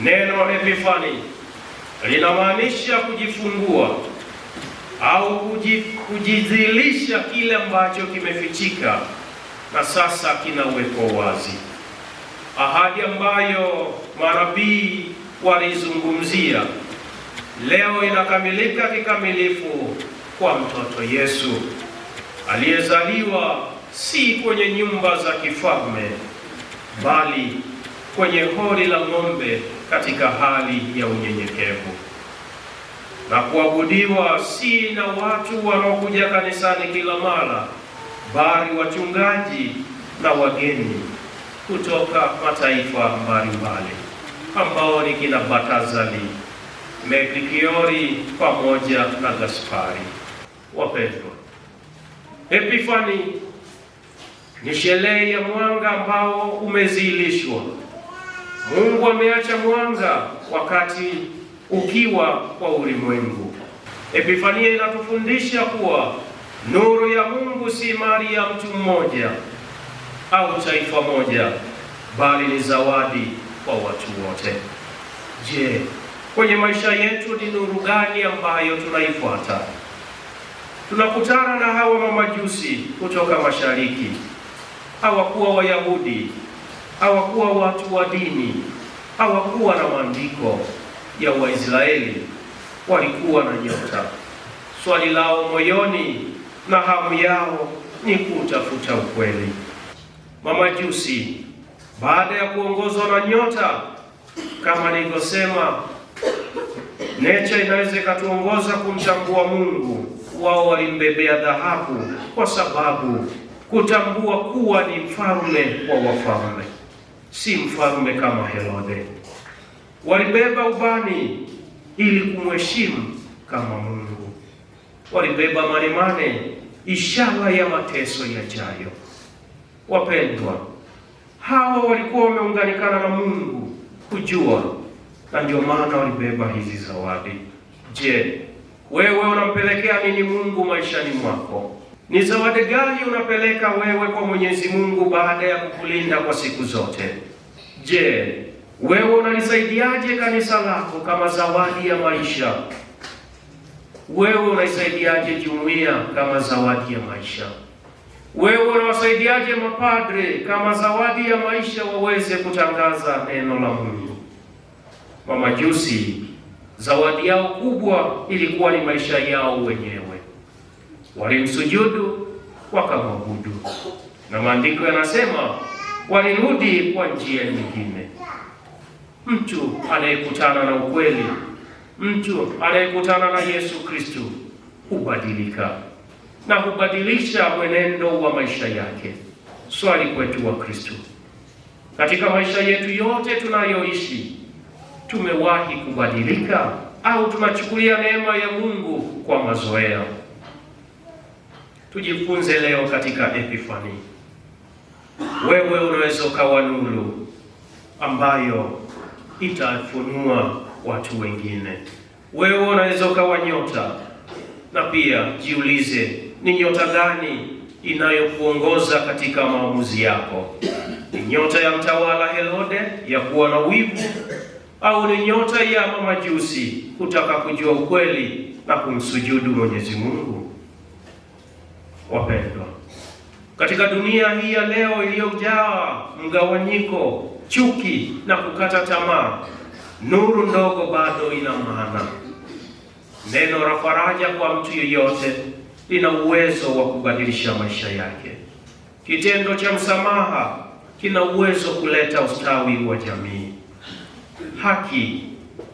Neno Epifani linamaanisha kujifungua au kujizilisha kile ambacho kimefichika na sasa kinawekwa wazi. Ahadi ambayo manabii walizungumzia leo inakamilika kikamilifu kwa mtoto Yesu aliyezaliwa si kwenye nyumba za kifalme bali kwenye hori la ng'ombe katika hali ya unyenyekevu na kuabudiwa si na watu wanaokuja kanisani kila mara, bali wachungaji na wageni kutoka mataifa mbalimbali ambao ni kina Batazali, Melkiori pamoja na Gaspari. Wapendwa, Epifani ni sherehe ya mwanga ambao umezilishwa Mungu ameacha mwanga wakati ukiwa kwa ulimwengu. Epifania inatufundisha kuwa nuru ya Mungu si mali ya mtu mmoja au taifa moja, bali ni zawadi kwa watu wote. Je, kwenye maisha yetu ni nuru gani ambayo tunaifuata? Tunakutana na hawa mamajusi kutoka mashariki. Hawakuwa Wayahudi hawakuwa watu wa dini, hawakuwa na maandiko ya Waisraeli, walikuwa na nyota. Swali lao moyoni na hamu yao ni kutafuta ukweli. Mamajusi baada ya kuongozwa na nyota, kama nilivyosema, necha inaweza ikatuongoza kumtambua Mungu. Wao walimbebea dhahabu kwa sababu kutambua kuwa ni mfalme wa wafalme si mfalme kama Herode. Walibeba ubani ili kumheshimu kama Mungu. Walibeba manemane, ishara ya mateso yajayo. Wapendwa, hawa walikuwa wameunganikana na Mungu kujua, na ndio maana walibeba hizi zawadi. Je, wewe unampelekea nini Mungu maishani mwako? Ni zawadi gani unapeleka wewe kwa Mwenyezi Mungu baada ya kukulinda kwa siku zote? Je, wewe unalisaidiaje kanisa lako kama zawadi ya maisha? Wewe unaisaidiaje jumuiya kama zawadi ya maisha? Wewe unawasaidiaje mapadre kama zawadi ya maisha waweze kutangaza neno la Mungu? majusi, zawadi yao kubwa ilikuwa ni maisha yao wenyewe walimsujudu wakamwabudu, na maandiko yanasema walirudi kwa njia nyingine. Mtu anayekutana na ukweli, mtu anayekutana na Yesu Kristo hubadilika na hubadilisha mwenendo wa maisha yake. Swali kwetu wa Kristo, katika maisha yetu yote tunayoishi, tumewahi kubadilika au tunachukulia neema ya Mungu kwa mazoea? Tujifunze leo katika Epifani. Wewe unaweza ukawa nuru ambayo itafunua watu wengine. Wewe unaweza ukawa nyota, na pia jiulize, ni nyota gani inayokuongoza katika maamuzi yako? Ni nyota ya mtawala Herode ya kuwa na wivu, au ni nyota ya mamajusi kutaka kujua ukweli na kumsujudu Mwenyezi Mungu? wapendwa, katika dunia hii ya leo iliyojaa mgawanyiko, chuki na kukata tamaa, nuru ndogo bado ina maana. Neno la faraja kwa mtu yeyote lina uwezo wa kubadilisha maisha yake. Kitendo cha msamaha kina uwezo kuleta ustawi wa jamii. Haki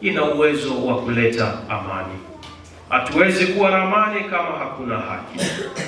ina uwezo wa kuleta amani. Hatuwezi kuwa na amani kama hakuna haki.